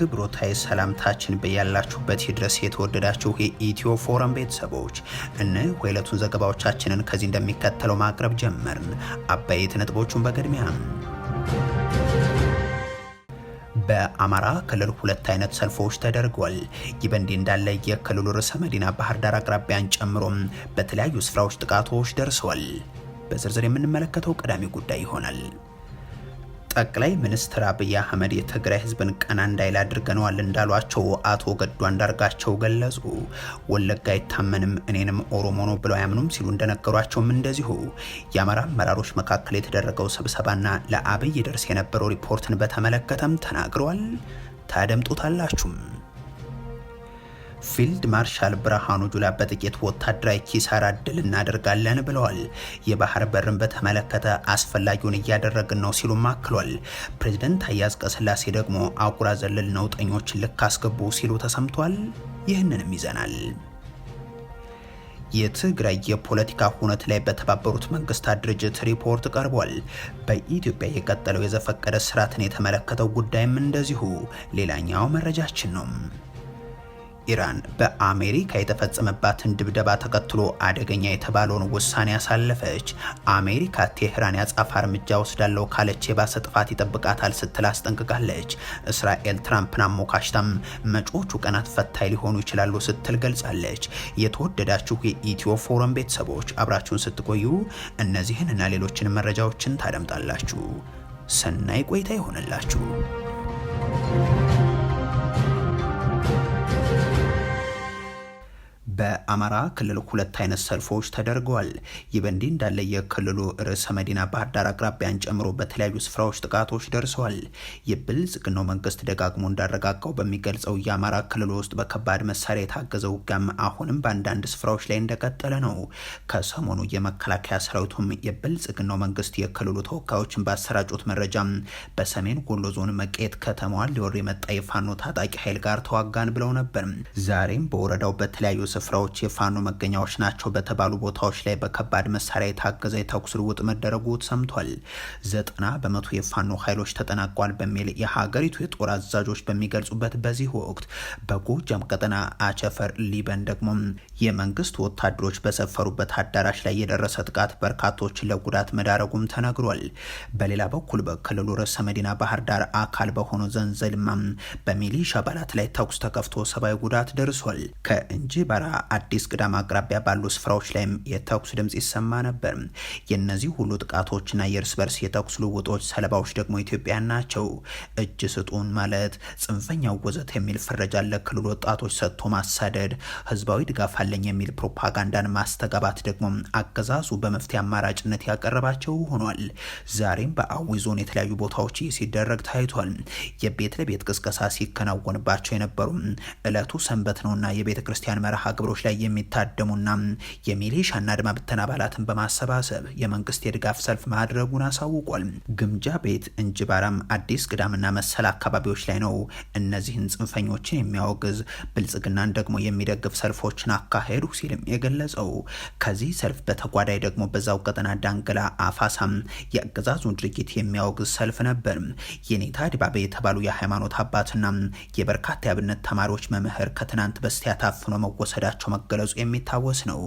ክብሮታይ ሰላምታችን በያላችሁበት ይድረስ። የተወደዳችሁ የኢትዮ ፎረም ቤተሰቦች እነሆ የዕለቱን ዘገባዎቻችንን ከዚህ እንደሚከተለው ማቅረብ ጀመርን። አበይት ነጥቦቹን በቅድሚያ በአማራ ክልል ሁለት አይነት ሰልፎች ተደርጓል። ይህ በእንዲህ እንዳለ የክልሉ ርዕሰ መዲና ባህር ዳር አቅራቢያን ጨምሮም በተለያዩ ስፍራዎች ጥቃቶች ደርሰዋል። በዝርዝር የምንመለከተው ቀዳሚ ጉዳይ ይሆናል። ጠቅላይ ሚኒስትር አብይ አህመድ የትግራይ ህዝብን ቀና እንዳይል አድርገነዋል እንዳሏቸው አቶ ገዱ አንዳርጋቸው ገለጹ። ወለጋ አይታመንም እኔንም ኦሮሞ ነው ብለው አያምኑም ሲሉ እንደነገሯቸውም እንደዚሁ የአማራ አመራሮች መካከል የተደረገው ስብሰባና ለአብይ ደርስ የነበረው ሪፖርትን በተመለከተም ተናግረዋል። ታደምጡታላችሁም። ፊልድ ማርሻል ብርሃኑ ጁላ በጥቂት ወታደራዊ ኪሳራ ድል እናደርጋለን ብለዋል። የባህር በርን በተመለከተ አስፈላጊውን እያደረግን ነው ሲሉም አክሏል። ፕሬዝደንት አያዝ ቀስላሴ ደግሞ አጉራ ዘለል ነውጠኞች ልክ አስገቡ ሲሉ ተሰምቷል። ይህንንም ይዘናል። የትግራይ የፖለቲካ ሁነት ላይ በተባበሩት መንግስታት ድርጅት ሪፖርት ቀርቧል። በኢትዮጵያ የቀጠለው የዘፈቀደ ስርዓትን የተመለከተው ጉዳይም እንደዚሁ ሌላኛው መረጃችን ነው። ኢራን በአሜሪካ የተፈጸመባትን ድብደባ ተከትሎ አደገኛ የተባለውን ውሳኔ ያሳለፈች፣ አሜሪካ ቴህራን ያጻፋ እርምጃ ወስዳለው ካለች የባሰ ጥፋት ይጠብቃታል ስትል አስጠንቅቃለች። እስራኤል ትራምፕን አሞካሽታም መጪዎቹ ቀናት ፈታኝ ሊሆኑ ይችላሉ ስትል ገልጻለች። የተወደዳችሁ የኢትዮ ፎረም ቤተሰቦች አብራችሁን ስትቆዩ እነዚህን እና ሌሎችን መረጃዎችን ታደምጣላችሁ። ሰናይ ቆይታ ይሆንላችሁ። በአማራ ክልል ሁለት አይነት ሰልፎች ተደርገዋል። ይህ በእንዲህ እንዳለ የክልሉ ርዕሰ መዲና ባህር ዳር አቅራቢያን ጨምሮ በተለያዩ ስፍራዎች ጥቃቶች ደርሰዋል። የብልጽግናው መንግስት ደጋግሞ እንዳረጋጋው በሚገልጸው የአማራ ክልል ውስጥ በከባድ መሳሪያ የታገዘ ውጊያም አሁንም በአንዳንድ ስፍራዎች ላይ እንደቀጠለ ነው። ከሰሞኑ የመከላከያ ሰራዊቱም የብልጽግናው መንግስት የክልሉ ተወካዮችን ባሰራጩት መረጃ በሰሜን ጎሎ ዞን መቄት ከተማዋን ሊወር የመጣ የፋኖ ታጣቂ ኃይል ጋር ተዋጋን ብለው ነበር። ዛሬም በወረዳው በተለያዩ ስፍራ ስፍራዎች የፋኖ መገኛዎች ናቸው በተባሉ ቦታዎች ላይ በከባድ መሳሪያ የታገዘ የተኩስ ልውውጥ መደረጉ ሰምቷል። ዘጠና በመቶ የፋኖ ኃይሎች ተጠናቋል በሚል የሀገሪቱ የጦር አዛዦች በሚገልጹበት በዚህ ወቅት በጎጃም ቀጠና አቸፈር ሊበን ደግሞ የመንግስት ወታደሮች በሰፈሩበት አዳራሽ ላይ የደረሰ ጥቃት በርካቶች ለጉዳት መዳረጉም ተነግሯል። በሌላ በኩል በክልሉ ርዕሰ መዲና ባህር ዳር አካል በሆነ ዘንዘልማ በሚሊሻ አባላት ላይ ተኩስ ተከፍቶ ሰብአዊ ጉዳት ደርሷል። በራ አዲስ ቅዳም አቅራቢያ ባሉ ስፍራዎች ላይም የተኩስ ድምጽ ይሰማ ነበር። የእነዚህ ሁሉ ጥቃቶችና የእርስ በርስ የተኩስ ልውጦች ሰለባዎች ደግሞ ኢትዮጵያ ናቸው። እጅ ስጡን ማለት ጽንፈኛው ወዘት የሚል ፍረጃ ለክልል ወጣቶች ሰጥቶ ማሳደድ፣ ህዝባዊ ድጋፍ አለኝ የሚል ፕሮፓጋንዳን ማስተጋባት ደግሞ አገዛዙ በመፍትሄ አማራጭነት ያቀረባቸው ሆኗል። ዛሬም በአዊ ዞን የተለያዩ ቦታዎች ሲደረግ ታይቷል። የቤት ለቤት ቅስቀሳ ሲከናወንባቸው የነበሩ እለቱ ሰንበት ነውና የቤተ ክርስቲያን መርሃ ግብሮ ግብሮች ላይ የሚታደሙና የሚሊሻና አድማ አባላትን በማሰባሰብ የመንግስት የድጋፍ ሰልፍ ማድረጉን አሳውቋል። ግምጃ ቤት፣ እንጅባራም፣ አዲስ ቅዳምና መሰል አካባቢዎች ላይ ነው እነዚህን ጽንፈኞችን የሚያወግዝ ብልጽግናን ደግሞ የሚደግፍ ሰልፎችን አካሄዱ ሲልም የገለጸው ከዚህ ሰልፍ በተጓዳይ ደግሞ በዛው ቀጠና ዳንገላ አፋሳም የአገዛዙን ድርጊት የሚያወግዝ ሰልፍ ነበር። የኔታ ድባቤ የተባሉ የሃይማኖት አባትና የበርካታ የአብነት ተማሪዎች መምህር ከትናንት በስቲያ ታፍኖ መወሰዳ መገደላቸው መገለጹ የሚታወስ ነው።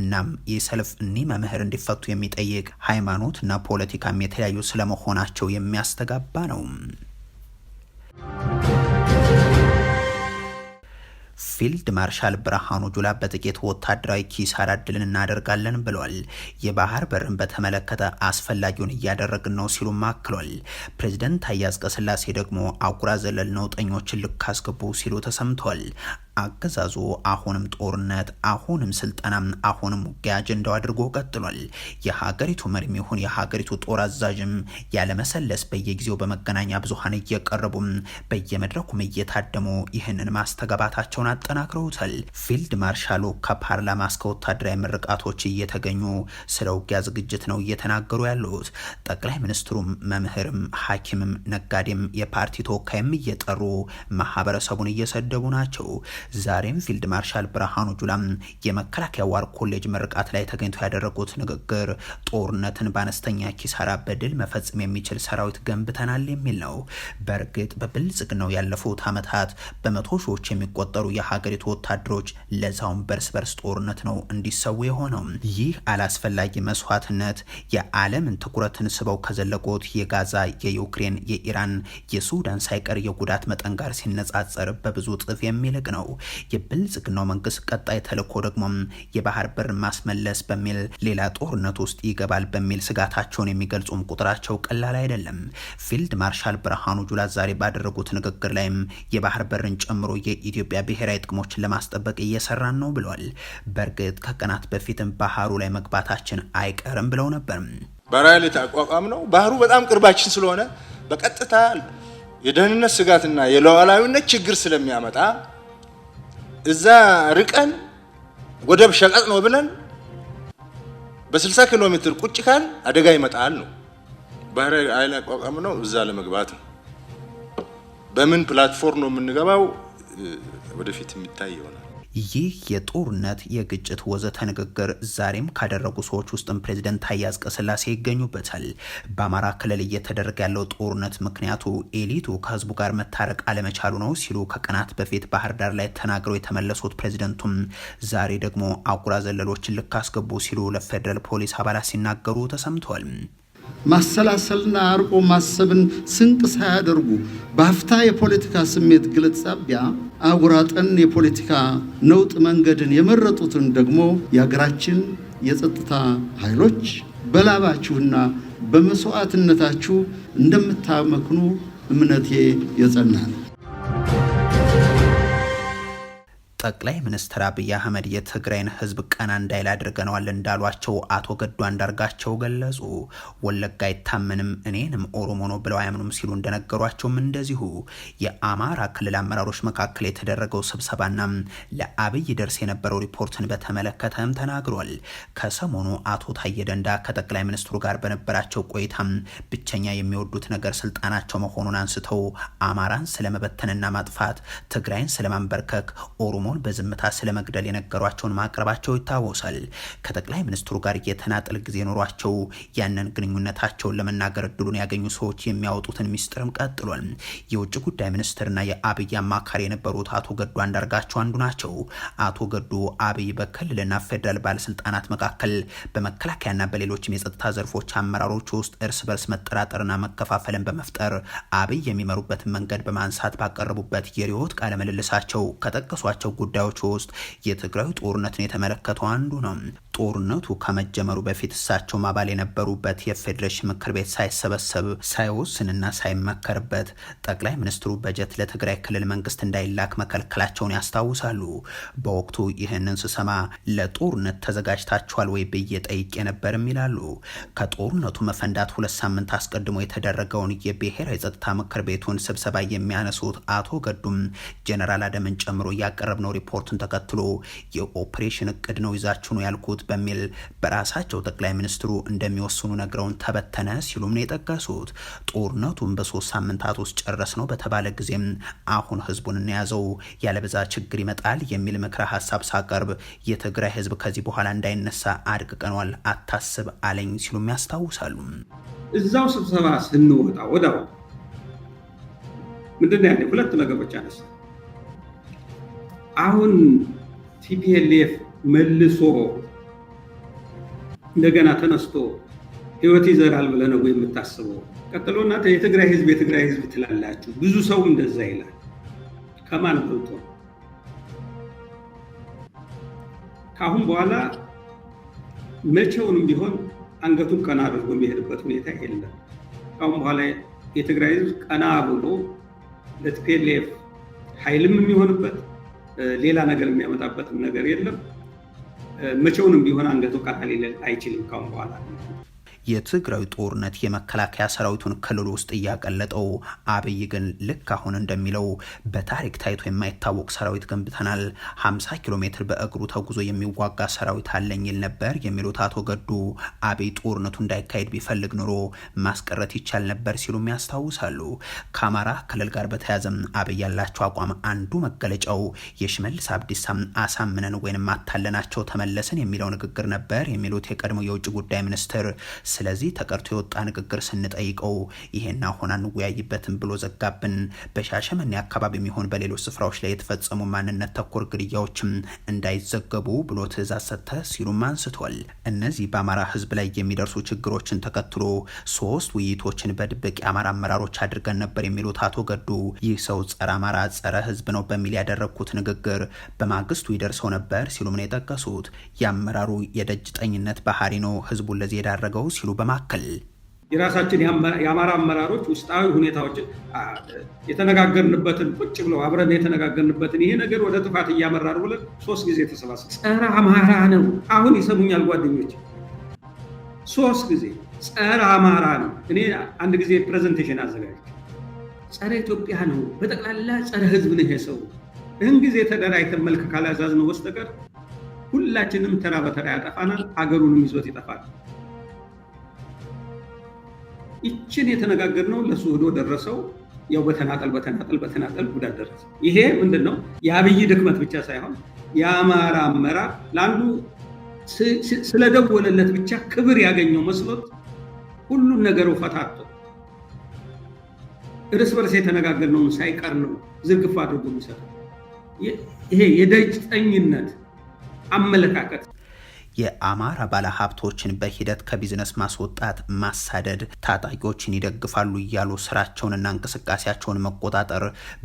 እናም ይህ ሰልፍ እኒህ መምህር እንዲፈቱ የሚጠይቅ ሃይማኖት እና ፖለቲካም የተለያዩ ስለመሆናቸው የሚያስተጋባ ነው። ፊልድ ማርሻል ብርሃኑ ጁላ በጥቂት ወታደራዊ ኪሳራ ድልን እናደርጋለን ብሏል። የባህር በርን በተመለከተ አስፈላጊውን እያደረግን ነው ሲሉ ማክሏል። ፕሬዚደንት ታዬ አጽቀሥላሴ ደግሞ አጉራ ዘለል ነውጠኞችን ልካስገቡ ሲሉ ተሰምተዋል። አገዛዙ አሁንም ጦርነት አሁንም ስልጠናም አሁንም ውጊያ አጀንዳው አድርጎ ቀጥሏል። የሀገሪቱ መሪም ይሁን የሀገሪቱ ጦር አዛዥም ያለመሰለስ በየጊዜው በመገናኛ ብዙሀን እየቀረቡም በየመድረኩም እየታደሙ ይህንን ማስተጋባታቸውን አጠናክረውታል። ፊልድ ማርሻሉ ከፓርላማ እስከ ወታደራዊ ምርቃቶች እየተገኙ ስለ ውጊያ ዝግጅት ነው እየተናገሩ ያሉት። ጠቅላይ ሚኒስትሩም መምህርም፣ ሐኪምም፣ ነጋዴም የፓርቲ ተወካይም እየጠሩ ማህበረሰቡን እየሰደቡ ናቸው። ዛሬም ፊልድ ማርሻል ብርሃኑ ጁላም የመከላከያ ዋር ኮሌጅ ምርቃት ላይ ተገኝተው ያደረጉት ንግግር ጦርነትን በአነስተኛ ኪሳራ በድል መፈጸም የሚችል ሰራዊት ገንብተናል የሚል ነው። በእርግጥ በብልጽግናው ያለፉት ዓመታት በመቶ ሺዎች የሚቆጠሩ የሀገሪቱ ወታደሮች ለዛውም በርስ በርስ ጦርነት ነው እንዲሰው የሆነው። ይህ አላስፈላጊ መስዋዕትነት የዓለምን ትኩረትን ስበው ከዘለቁት የጋዛ፣ የዩክሬን፣ የኢራን፣ የሱዳን ሳይቀር የጉዳት መጠን ጋር ሲነጻጸር በብዙ ጥፍ የሚልቅ ነው። የብልጽግናው መንግስት ቀጣይ ተልእኮ ደግሞ የባህር በር ማስመለስ በሚል ሌላ ጦርነት ውስጥ ይገባል በሚል ስጋታቸውን የሚገልጹም ቁጥራቸው ቀላል አይደለም። ፊልድ ማርሻል ብርሃኑ ጁላ ዛሬ ባደረጉት ንግግር ላይም የባህር በርን ጨምሮ የኢትዮጵያ ብሔራዊ ጥቅሞችን ለማስጠበቅ እየሰራን ነው ብለዋል። በእርግጥ ከቀናት በፊትም ባህሩ ላይ መግባታችን አይቀርም ብለው ነበር። በራይል የተቋቋም ነው። ባህሩ በጣም ቅርባችን ስለሆነ በቀጥታ የደህንነት ስጋትና የሉዓላዊነት ችግር ስለሚያመጣ እዛ ርቀን ወደብ ሸቀጥ ነው ብለን በ60 ኪሎ ሜትር ቁጭ ካል አደጋ ይመጣል ነው። ባህር ኃይል አቋቋም ነው እዛ ለመግባት ነው። በምን ፕላትፎርም ነው የምንገባው? ወደፊት የሚታይ ይሆናል። ይህ የጦርነት የግጭት ወዘተ ንግግር ዛሬም ካደረጉ ሰዎች ውስጥም ፕሬዚደንት ታዬ አጽቀሥላሴ ይገኙበታል። በአማራ ክልል እየተደረገ ያለው ጦርነት ምክንያቱ ኤሊቱ ከህዝቡ ጋር መታረቅ አለመቻሉ ነው ሲሉ ከቀናት በፊት ባህር ዳር ላይ ተናግረው የተመለሱት ፕሬዚደንቱም ዛሬ ደግሞ አጉራ ዘለሎችን ልካስገቡ ሲሉ ለፌዴራል ፖሊስ አባላት ሲናገሩ ተሰምተዋል። ማሰላሰልና አርቆ ማሰብን ስንቅ ሳያደርጉ በአፍታ የፖለቲካ ስሜት ግለት ሳቢያ አጉራጠን የፖለቲካ ነውጥ መንገድን የመረጡትን ደግሞ የሀገራችን የጸጥታ ኃይሎች በላባችሁና በመስዋዕትነታችሁ እንደምታመክኑ እምነቴ የጸና ነው። ጠቅላይ ሚኒስትር አብይ አህመድ የትግራይን ህዝብ ቀና እንዳይል አድርገነዋል እንዳሏቸው አቶ ገዱ አንዳርጋቸው ገለጹ። ወለጋ አይታመንም እኔንም ኦሮሞ ነው ብለው አያምኑም ሲሉ እንደነገሯቸውም እንደዚሁ የአማራ ክልል አመራሮች መካከል የተደረገው ስብሰባና ለአብይ ደርስ የነበረው ሪፖርትን በተመለከተም ተናግሯል። ከሰሞኑ አቶ ታዬ ደንዳ ከጠቅላይ ሚኒስትሩ ጋር በነበራቸው ቆይታ ብቸኛ የሚወዱት ነገር ስልጣናቸው መሆኑን አንስተው አማራን ስለመበተንና ማጥፋት፣ ትግራይን ስለማንበርከክ ኦሮሞ ፋኖን በዝምታ ስለመግደል የነገሯቸውን ማቅረባቸው ይታወሳል። ከጠቅላይ ሚኒስትሩ ጋር የተናጠል ጊዜ ኖሯቸው ያንን ግንኙነታቸውን ለመናገር እድሉን ያገኙ ሰዎች የሚያወጡትን ሚስጥርም ቀጥሏል። የውጭ ጉዳይ ሚኒስትርና የአብይ አማካሪ የነበሩት አቶ ገዱ አንዳርጋቸው አንዱ ናቸው። አቶ ገዱ አብይ በክልልና ፌዴራል ባለስልጣናት መካከል በመከላከያና በሌሎችም የጸጥታ ዘርፎች አመራሮች ውስጥ እርስ በርስ መጠራጠርና መከፋፈልን በመፍጠር አብይ የሚመሩበትን መንገድ በማንሳት ባቀረቡበት የሪዮት ቃለምልልሳቸው ከጠቀሷቸው ጉዳዮች ውስጥ የትግራዩ ጦርነትን የተመለከተው አንዱ ነው። ጦርነቱ ከመጀመሩ በፊት እሳቸውም አባል የነበሩበት የፌዴሬሽን ምክር ቤት ሳይሰበሰብ ሳይወስንና ሳይመከርበት ጠቅላይ ሚኒስትሩ በጀት ለትግራይ ክልል መንግስት እንዳይላክ መከልከላቸውን ያስታውሳሉ። በወቅቱ ይህንን ስሰማ ለጦርነት ተዘጋጅታችኋል ወይ ብዬ ጠይቄ ነበርም ይላሉ። ከጦርነቱ መፈንዳት ሁለት ሳምንት አስቀድሞ የተደረገውን የብሔራዊ ጸጥታ ምክር ቤቱን ስብሰባ የሚያነሱት አቶ ገዱም ጀነራል አደምን ጨምሮ እያቀረብ ነው የወጣው ሪፖርትን ተከትሎ የኦፕሬሽን እቅድ ነው ይዛችሁ ነው ያልኩት በሚል በራሳቸው ጠቅላይ ሚኒስትሩ እንደሚወስኑ ነግረውን ተበተነ ሲሉም ነው የጠቀሱት። ጦርነቱን በሶስት ሳምንታት ውስጥ ጨረስ ነው በተባለ ጊዜም አሁን ህዝቡን እናያዘው ያለበዛ ችግር ይመጣል የሚል ምክረ ሀሳብ ሳቀርብ የትግራይ ህዝብ ከዚህ በኋላ እንዳይነሳ አድቅቀኗል፣ አታስብ አለኝ ሲሉም ያስታውሳሉ። እዛው ስብሰባ ስንወጣ ወዳው ምንድን ነው ያለ ሁለት ነገሮች አነሳ አሁን ቲፒኤልኤፍ መልሶ እንደገና ተነስቶ ህይወት ይዘራል ብለህ ነው የምታስበው? ቀጥሎ እናንተ የትግራይ ህዝብ የትግራይ ህዝብ ትላላችሁ። ብዙ ሰው እንደዛ ይላል። ከማን በልጦ? ከአሁን በኋላ መቼውንም ቢሆን አንገቱን ቀና አድርጎ የሚሄድበት ሁኔታ የለም። ከአሁን በኋላ የትግራይ ህዝብ ቀና ብሎ ለቲፒኤልኤፍ ኃይልም የሚሆንበት ሌላ ነገር የሚያመጣበትም ነገር የለም። መቼውንም ቢሆን አንገቱ ቀላል አይችልም ካሁን በኋላ የትግራዊ ጦርነት የመከላከያ ሰራዊቱን ክልል ውስጥ እያቀለጠው፣ አብይ ግን ልክ አሁን እንደሚለው በታሪክ ታይቶ የማይታወቅ ሰራዊት ገንብተናል፣ 50 ኪሎ ሜትር በእግሩ ተጉዞ የሚዋጋ ሰራዊት አለኝ ይል ነበር የሚሉት አቶ ገዱ አብይ ጦርነቱ እንዳይካሄድ ቢፈልግ ኑሮ ማስቀረት ይቻል ነበር ሲሉም ያስታውሳሉ። ከአማራ ክልል ጋር በተያያዘም አብይ ያላቸው አቋም አንዱ መገለጫው የሽመልስ አብዲሳ አሳምነን ወይንም አታለናቸው ተመለስን የሚለው ንግግር ነበር የሚሉት የቀድሞ የውጭ ጉዳይ ሚኒስትር ስለዚህ ተቀርቶ የወጣ ንግግር ስንጠይቀው ይሄን አሁን አንወያይበትም ብሎ ዘጋብን። በሻሸመኔ አካባቢ የሚሆን በሌሎች ስፍራዎች ላይ የተፈጸሙ ማንነት ተኮር ግድያዎችም እንዳይዘገቡ ብሎ ትእዛዝ ሰጥተ ሲሉም አንስቷል። እነዚህ በአማራ ህዝብ ላይ የሚደርሱ ችግሮችን ተከትሎ ሶስት ውይይቶችን በድብቅ የአማራ አመራሮች አድርገን ነበር የሚሉት አቶ ገዱ ይህ ሰው ጸረ አማራ ጸረ ህዝብ ነው በሚል ያደረግኩት ንግግር በማግስቱ ይደርሰው ነበር ሲሉም ነው የጠቀሱት። የአመራሩ የደጅ ጠኝነት ባህሪ ነው ህዝቡን ለዚህ የዳረገው እንደሚችሉ በማከል የራሳችን የአማራ አመራሮች ውስጣዊ ሁኔታዎችን የተነጋገርንበትን ቁጭ ብለው አብረን የተነጋገርንበትን ይሄ ነገር ወደ ጥፋት እያመራ ነው ብለን ሶስት ጊዜ ተሰባሰብ ጸረ አማራ ነው። አሁን ይሰሙኛል ጓደኞች፣ ሶስት ጊዜ ጸረ አማራ ነው። እኔ አንድ ጊዜ ፕሬዘንቴሽን አዘጋጅ ጸረ ኢትዮጵያ ነው፣ በጠቅላላ ጸረ ህዝብ ነው የሰው እህን ጊዜ ተደራጅተን መልክ ካላዛዝ ነው በስተቀር ሁላችንም ተራ በተራ ያጠፋናል፣ ሀገሩንም ይዞት ይጠፋል። ይችን የተነጋገርነው ለሱ ዶ ደረሰው። ያው በተናጠል በተናጠል በተናጠል ጉዳት ደረሰ። ይሄ ምንድን ነው የአብይ ድክመት ብቻ ሳይሆን የአማራ አመራር ለአንዱ ስለደወለለት ብቻ ክብር ያገኘው መስሎት ሁሉን ነገር ፈታቶ እርስ በርስ የተነጋገርነውን ሳይቀር ነው ዝርግፍ አድርጎ የሚሰጠው። ይሄ የደጅጠኝነት ጠኝነት አመለካከት የአማራ ባለሀብቶችን በሂደት ከቢዝነስ ማስወጣት፣ ማሳደድ፣ ታጣቂዎችን ይደግፋሉ እያሉ ስራቸውንና እንቅስቃሴያቸውን መቆጣጠር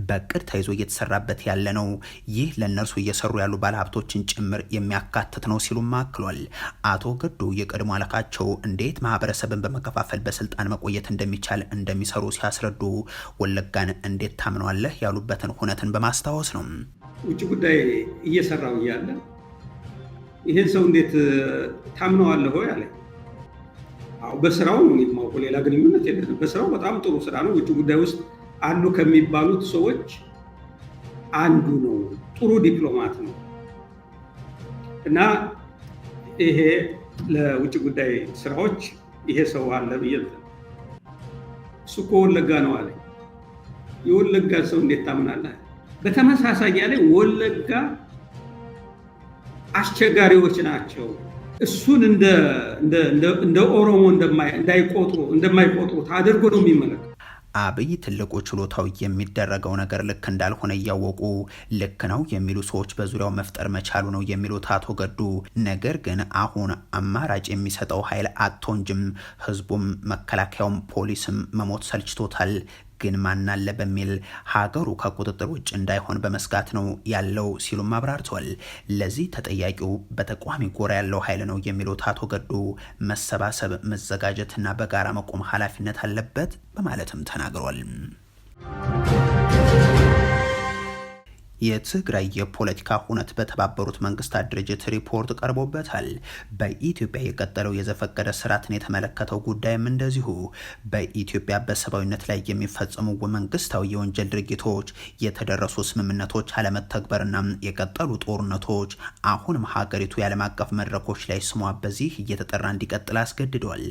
በቅድ ተይዞ እየተሰራበት ያለ ነው። ይህ ለእነርሱ እየሰሩ ያሉ ባለሀብቶችን ጭምር የሚያካትት ነው ሲሉም አክሏል። አቶ ገዱ የቀድሞ አለቃቸው እንዴት ማህበረሰብን በመከፋፈል በስልጣን መቆየት እንደሚቻል እንደሚሰሩ ሲያስረዱ ወለጋን እንዴት ታምነዋለህ ያሉበትን ሁነትን በማስታወስ ነው። ውጭ ጉዳይ እየሰራው እያለ ይህን ሰው እንዴት ታምነዋለህ ሆይ አለ። በስራው ነው የማውቀው፣ ሌላ ግንኙነት የለንም። በስራው በጣም ጥሩ ስራ ነው። ውጭ ጉዳይ ውስጥ አሉ ከሚባሉት ሰዎች አንዱ ነው። ጥሩ ዲፕሎማት ነው እና ይሄ ለውጭ ጉዳይ ስራዎች ይሄ ሰው አለ ብዬ እሱ እኮ ወለጋ ነው አለ። የወለጋ ሰው እንዴት ታምናለህ? በተመሳሳይ ያለ ወለጋ አስቸጋሪዎች ናቸው። እሱን እንደ ኦሮሞ እንዳይቆጥሩ እንደማይቆጥሩት አድርጎ ነው የሚመለከ አብይ ትልቁ ችሎታው የሚደረገው ነገር ልክ እንዳልሆነ እያወቁ ልክ ነው የሚሉ ሰዎች በዙሪያው መፍጠር መቻሉ ነው የሚሉት አቶ ገዱ፣ ነገር ግን አሁን አማራጭ የሚሰጠው ኃይል አቶንጅም እንጂም ህዝቡም መከላከያውም ፖሊስም መሞት ሰልችቶታል። ግን ማናለ በሚል ሀገሩ ከቁጥጥር ውጭ እንዳይሆን በመስጋት ነው ያለው ሲሉም አብራርቷል። ለዚህ ተጠያቂው በተቋሚ ጎራ ያለው ኃይል ነው የሚሉት አቶ ገዱ መሰባሰብ፣ መዘጋጀትና በጋራ መቆም ኃላፊነት አለበት በማለትም ተናግሯል። የትግራይ የፖለቲካ ሁነት በተባበሩት መንግስታት ድርጅት ሪፖርት ቀርቦበታል። በኢትዮጵያ የቀጠለው የዘፈቀደ ስርዓትን የተመለከተው ጉዳይም እንደዚሁ በኢትዮጵያ በሰብአዊነት ላይ የሚፈጸሙ መንግስታዊ የወንጀል ድርጊቶች፣ የተደረሱ ስምምነቶች አለመተግበርና የቀጠሉ ጦርነቶች አሁንም ሀገሪቱ የዓለም አቀፍ መድረኮች ላይ ስሟ በዚህ እየተጠራ እንዲቀጥል አስገድዷል።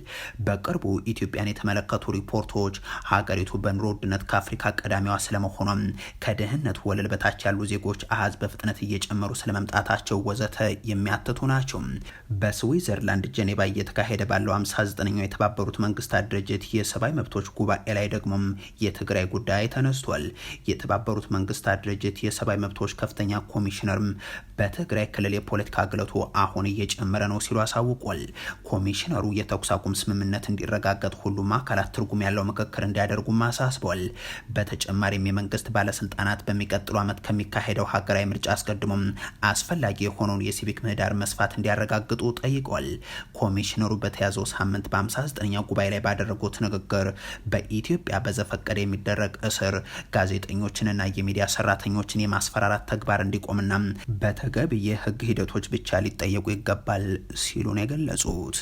በቅርቡ ኢትዮጵያን የተመለከቱ ሪፖርቶች ሀገሪቱ በኑሮ ውድነት ከአፍሪካ ቀዳሚዋ ስለመሆኗም ከድህነት ወለል በታች ያሉ ያሉ ዜጎች አሃዝ በፍጥነት እየጨመሩ ስለመምጣታቸው ወዘተ የሚያትቱ ናቸው። በስዊዘርላንድ ጀኔባ እየተካሄደ ባለው 59ኛው የተባበሩት መንግስታት ድርጅት የሰብአዊ መብቶች ጉባኤ ላይ ደግሞም የትግራይ ጉዳይ ተነስቷል። የተባበሩት መንግስታት ድርጅት የሰብአዊ መብቶች ከፍተኛ ኮሚሽነርም በትግራይ ክልል የፖለቲካ ግለቱ አሁን እየጨመረ ነው ሲሉ አሳውቋል። ኮሚሽነሩ የተኩስ አቁም ስምምነት እንዲረጋገጥ ሁሉም አካላት ትርጉም ያለው ምክክር እንዲያደርጉም አሳስቧል። በተጨማሪም የመንግስት ባለስልጣናት በሚቀጥሉ ዓመት ከሚ ከሚካሄደው ሀገራዊ ምርጫ አስቀድሞም አስፈላጊ የሆነውን የሲቪክ ምህዳር መስፋት እንዲያረጋግጡ ጠይቋል። ኮሚሽነሩ በተያዘው ሳምንት በ59ኛ ጉባኤ ላይ ባደረጉት ንግግር በኢትዮጵያ በዘፈቀደ የሚደረግ እስር ጋዜጠኞችንና የሚዲያ ሰራተኞችን የማስፈራራት ተግባር እንዲቆምና በተገቢ የህግ ሂደቶች ብቻ ሊጠየቁ ይገባል ሲሉ ነው የገለጹት።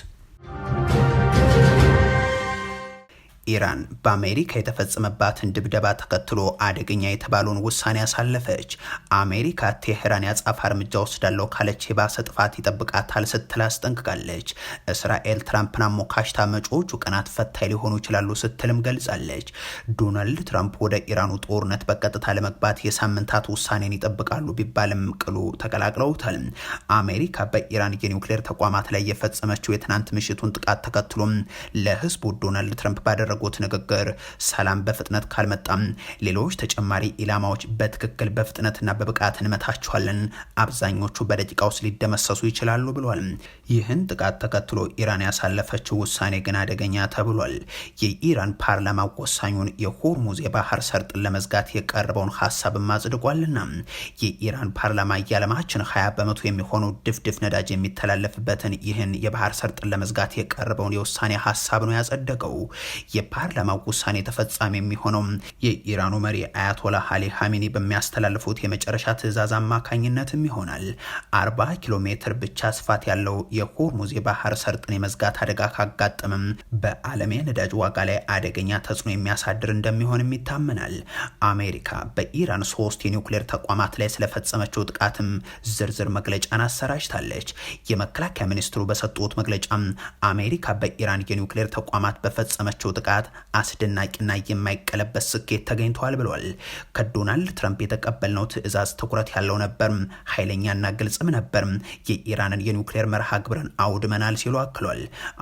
ኢራን በአሜሪካ የተፈጸመባትን ድብደባ ተከትሎ አደገኛ የተባለውን ውሳኔ ያሳለፈች፣ አሜሪካ ቴህራን ያጻፋ እርምጃ ወስዳለው ካለች የባሰ ጥፋት ይጠብቃታል ስትል አስጠንቅቃለች። እስራኤል ትራምፕን አሞካሽታ መጪዎቹ ቀናት ፈታኝ ሊሆኑ ይችላሉ ስትልም ገልጻለች። ዶናልድ ትራምፕ ወደ ኢራኑ ጦርነት በቀጥታ ለመግባት የሳምንታት ውሳኔን ይጠብቃሉ ቢባልም ቅሉ ተቀላቅለውታል። አሜሪካ በኢራን የኒውክሌር ተቋማት ላይ የፈጸመችው የትናንት ምሽቱን ጥቃት ተከትሎም ለህዝቡ ዶናልድ ትራምፕ ባደረ ባደረጉት ንግግር ሰላም በፍጥነት ካልመጣም ሌሎች ተጨማሪ ኢላማዎች በትክክል በፍጥነትና በብቃት እንመታችኋለን፣ አብዛኞቹ በደቂቃ ውስጥ ሊደመሰሱ ይችላሉ ብሏል። ይህን ጥቃት ተከትሎ ኢራን ያሳለፈችው ውሳኔ ግን አደገኛ ተብሏል። የኢራን ፓርላማ ወሳኙን የሆርሙዝ የባህር ሰርጥን ለመዝጋት የቀረበውን ሀሳብም አጽድቋልና የኢራን ፓርላማ የዓለማችን ሀያ በመቶ የሚሆኑ ድፍድፍ ነዳጅ የሚተላለፍበትን ይህን የባህር ሰርጥን ለመዝጋት የቀረበውን የውሳኔ ሀሳብ ነው ያጸደቀው። የፓርላማው ውሳኔ ተፈጻሚ የሚሆነው የኢራኑ መሪ አያቶላ አሊ ሀሚኒ በሚያስተላልፉት የመጨረሻ ትዕዛዝ አማካኝነትም ይሆናል። አርባ ኪሎ ሜትር ብቻ ስፋት ያለው የሆርሙዝ የባህር ሰርጥን የመዝጋት አደጋ ካጋጠምም በዓለም የነዳጅ ዋጋ ላይ አደገኛ ተጽዕኖ የሚያሳድር እንደሚሆንም ይታመናል። አሜሪካ በኢራን ሶስት የኒውክሌር ተቋማት ላይ ስለፈጸመችው ጥቃትም ዝርዝር መግለጫን አሰራጭታለች። የመከላከያ ሚኒስትሩ በሰጡት መግለጫ አሜሪካ በኢራን የኒውክሌር ተቋማት በፈጸመችው ጥቃት ማምጣት አስደናቂና የማይቀለበስ ስኬት ተገኝቷል ብሏል። ከዶናልድ ትራምፕ የተቀበልነው ትዕዛዝ ትኩረት ያለው ነበር፣ ኃይለኛና ግልጽም ነበር። የኢራንን የኒውክሌር መርሃ ግብርን አውድመናል ሲሉ አክሏል።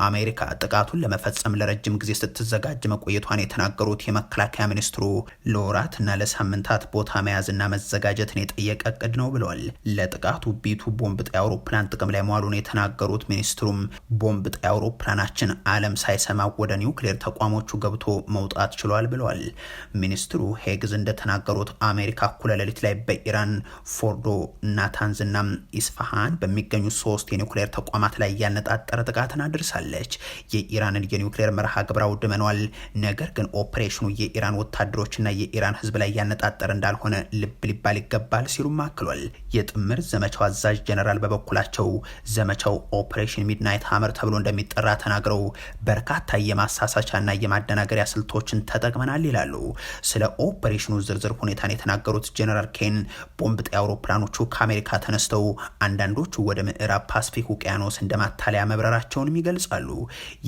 አሜሪካ ጥቃቱን ለመፈጸም ለረጅም ጊዜ ስትዘጋጅ መቆየቷን የተናገሩት የመከላከያ ሚኒስትሩ ለወራትና ለሳምንታት ቦታ መያዝና መዘጋጀትን የጠየቀ እቅድ ነው ብለዋል። ለጥቃቱ ቢቱ ቦምብ ጣይ አውሮፕላን ጥቅም ላይ መዋሉን የተናገሩት ሚኒስትሩም ቦምብ ጣይ አውሮፕላናችን ዓለም ሳይሰማ ወደ ኒውክሌር ተቋሞ ቡድኖቹ ገብቶ መውጣት ችሏል ብለዋል። ሚኒስትሩ ሄግዝ እንደተናገሩት አሜሪካ እኩለ ሌሊት ላይ በኢራን ፎርዶ፣ ናታንዝና ኢስፋሃን በሚገኙ ሶስት የኒውክሌር ተቋማት ላይ ያነጣጠረ ጥቃትን አድርሳለች። የኢራንን የኒውክሌር መርሃ ግብር አውድመነዋል። ነገር ግን ኦፕሬሽኑ የኢራን ወታደሮችና የኢራን ህዝብ ላይ ያነጣጠረ እንዳልሆነ ልብ ሊባል ይገባል ሲሉም አክሏል። የጥምር ዘመቻው አዛዥ ጀነራል በበኩላቸው ዘመቻው ኦፕሬሽን ሚድናይት ሀመር ተብሎ እንደሚጠራ ተናግረው በርካታ የማሳሳቻና የማደናገሪያ ስልቶችን ተጠቅመናል ይላሉ። ስለ ኦፐሬሽኑ ዝርዝር ሁኔታን የተናገሩት ጀነራል ኬን ቦምብ ጣይ አውሮፕላኖቹ ከአሜሪካ ተነስተው አንዳንዶቹ ወደ ምዕራብ ፓስፊክ ውቅያኖስ እንደ ማታለያ መብረራቸውንም ይገልጻሉ።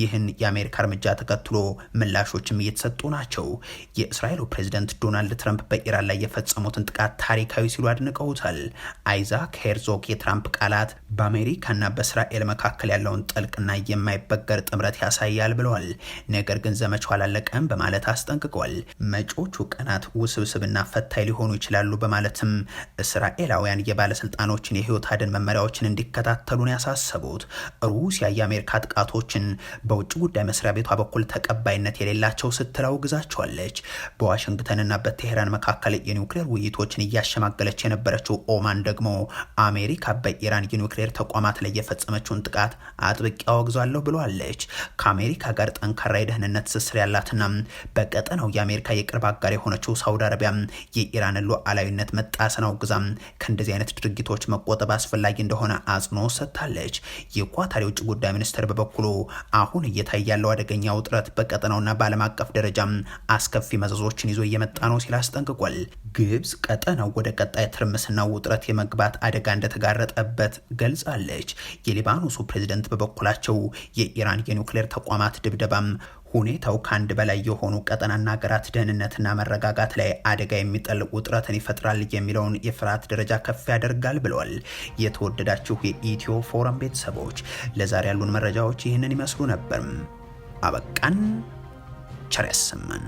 ይህን የአሜሪካ እርምጃ ተከትሎ ምላሾችም እየተሰጡ ናቸው። የእስራኤሉ ፕሬዚደንት ዶናልድ ትራምፕ በኢራን ላይ የፈጸሙትን ጥቃት ታሪካዊ ሲሉ አድንቀውታል። አይዛክ ሄርዞግ የትራምፕ ቃላት በአሜሪካና በእስራኤል መካከል ያለውን ጥልቅና የማይበገር ጥምረት ያሳያል ብለዋል። ነገር ግን ዘመ ዓመቹ አላለቀም በማለት አስጠንቅቋል። መጪዎቹ ቀናት ውስብስብና ፈታኝ ሊሆኑ ይችላሉ በማለትም እስራኤላውያን የባለስልጣኖችን የህይወት አድን መመሪያዎችን እንዲከታተሉን ያሳሰቡት ሩሲያ የአሜሪካ ጥቃቶችን በውጭ ጉዳይ መስሪያ ቤቷ በኩል ተቀባይነት የሌላቸው ስትል አውግዛቸዋለች። በዋሽንግተንና በቴሄራን መካከል የኒውክሌር ውይይቶችን እያሸማገለች የነበረችው ኦማን ደግሞ አሜሪካ በኢራን የኒውክሌር ተቋማት ላይ የፈጸመችውን ጥቃት አጥብቄ አወግዛለሁ ብለዋለች። ከአሜሪካ ጋር ጠንካራ የደህንነት ትስስር ያላትና በቀጠናው የአሜሪካ የቅርብ አጋር የሆነችው ሳውዲ አረቢያ የኢራንን ሉዓላዊነት መጣስን አውግዛ ከእንደዚህ አይነት ድርጊቶች መቆጠብ አስፈላጊ እንደሆነ አጽንኦ ሰጥታለች። የኳታሪ የውጭ ጉዳይ ሚኒስትር በበኩሉ አሁን እየታየ ያለው አደገኛ ውጥረት በቀጠናውና በዓለም አቀፍ ደረጃ አስከፊ መዘዞችን ይዞ እየመጣ ነው ሲል አስጠንቅቋል። ግብጽ ቀጠናው ወደ ቀጣይ ትርምስና ውጥረት የመግባት አደጋ እንደተጋረጠበት ገልጻለች። የሊባኖሱ ፕሬዝደንት በበኩላቸው የኢራን የኒውክሌር ተቋማት ድብደባም ሁኔታው ከአንድ በላይ የሆኑ ቀጠናና ሀገራት ደህንነትና መረጋጋት ላይ አደጋ የሚጥል ውጥረትን ይፈጥራል የሚለውን የፍርሃት ደረጃ ከፍ ያደርጋል ብለዋል። የተወደዳችሁ የኢትዮ ፎረም ቤተሰቦች ለዛሬ ያሉን መረጃዎች ይህንን ይመስሉ ነበርም። አበቃን። ቸር ያሰማን።